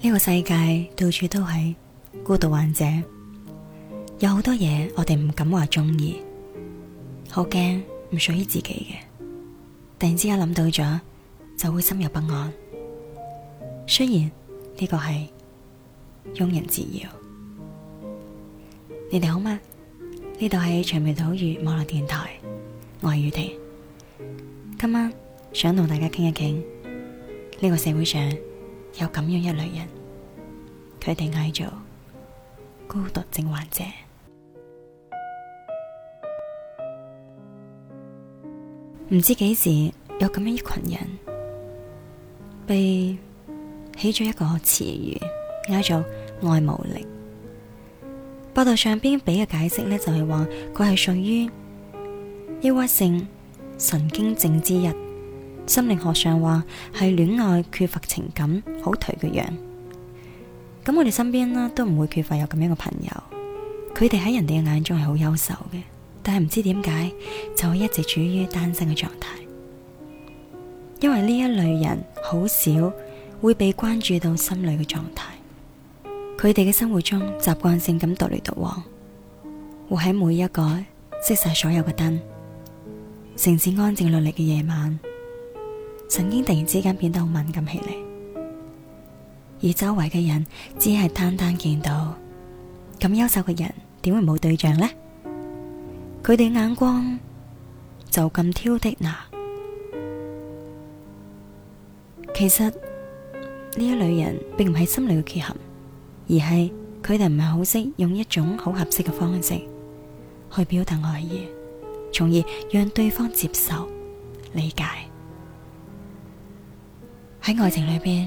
呢個世界到處都係孤獨患者，有好多嘢我哋唔敢話中意，好驚唔屬於自己嘅。突然之間諗到咗，就會心有不安。雖然呢個係庸人自擾，你哋好嘛？呢度係薔薇島嶼網絡電台，我係宇婷，今晚想同大家傾一傾呢個社會上。有咁樣一類人，佢哋嗌做孤獨症患者。唔知幾時有咁樣一群人，被起咗一個詞語，嗌做愛無力。百度上邊俾嘅解釋呢，就係話佢係屬於抑鬱性神經症之一。心理學上話係戀愛缺乏情感，好頹嘅樣。咁我哋身邊啦，都唔會缺乏有咁樣嘅朋友。佢哋喺人哋嘅眼中係好優秀嘅，但係唔知點解就會一直處於單身嘅狀態。因為呢一類人好少會被關注到心裏嘅狀態。佢哋嘅生活中習慣性咁獨來獨往，會喺每一個熄晒所有嘅燈，城市安靜落嚟嘅夜晚。神經突然之間變得好敏感起嚟，而周圍嘅人只係單單見到咁優秀嘅人，點會冇對象呢？佢哋眼光就咁挑剔嗱。其實呢一類人並唔係心裏嘅缺陷，而係佢哋唔係好識用一種好合適嘅方式去表達愛意，從而讓對方接受理解。喺愛情裏邊，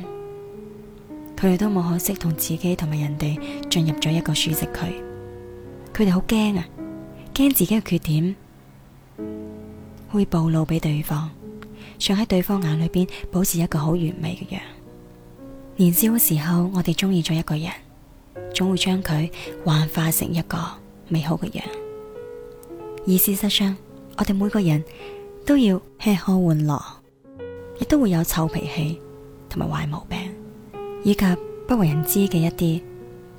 佢哋都冇可惜，同自己同埋人哋進入咗一個舒適區。佢哋好驚啊，驚自己嘅缺點會暴露俾對方，想喺對方眼裏邊保持一個好完美嘅樣。年少嘅時候，我哋中意咗一個人，總會將佢幻化成一個美好嘅樣。而事實上，我哋每個人都要吃喝玩樂，亦都會有臭脾氣。同埋壞毛病，以及不為人知嘅一啲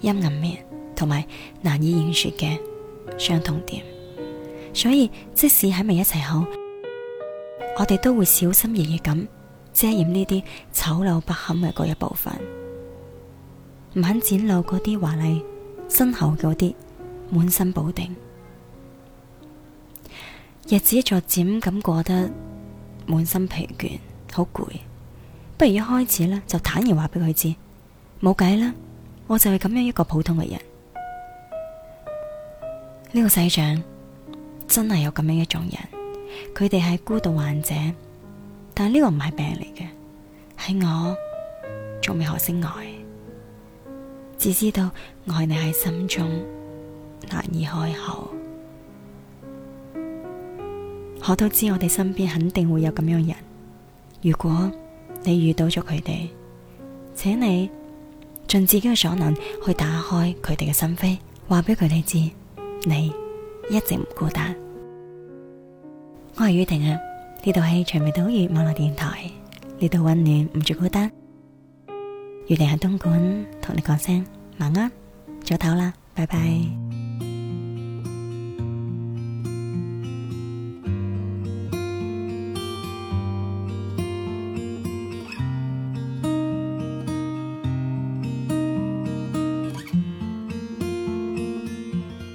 陰暗面，同埋難以言說嘅傷痛點。所以，即使喺埋一齊後，我哋都會小心翼翼咁遮掩呢啲醜陋不堪嘅嗰一部分，唔肯展露嗰啲華麗身後嗰啲滿身補丁。日子逐漸咁過得滿心疲倦，好攰。不如一開始呢，就坦然話俾佢知，冇計啦，我就係咁樣一個普通嘅人。呢 個世上真係有咁樣一種人，佢哋係孤獨患者，但呢個唔係病嚟嘅，係我仲未學識愛，只知道愛你喺心中，難以開口。我都知我哋身邊肯定會有咁樣嘅人，如果。你遇到咗佢哋，請你盡自己嘅所能去打開佢哋嘅心扉，話俾佢哋知，你一直唔孤單。我係宇婷啊，呢度係薔薇島嶼網絡電台，呢度溫暖唔住孤單。宇婷喺東莞同你講聲晚安，早唞啦，拜拜。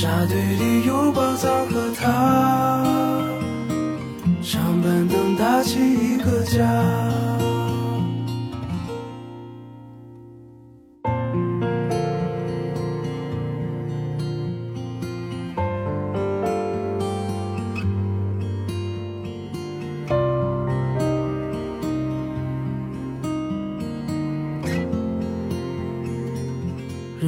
沙堆裏有寶藏和他，長板凳搭起一個家。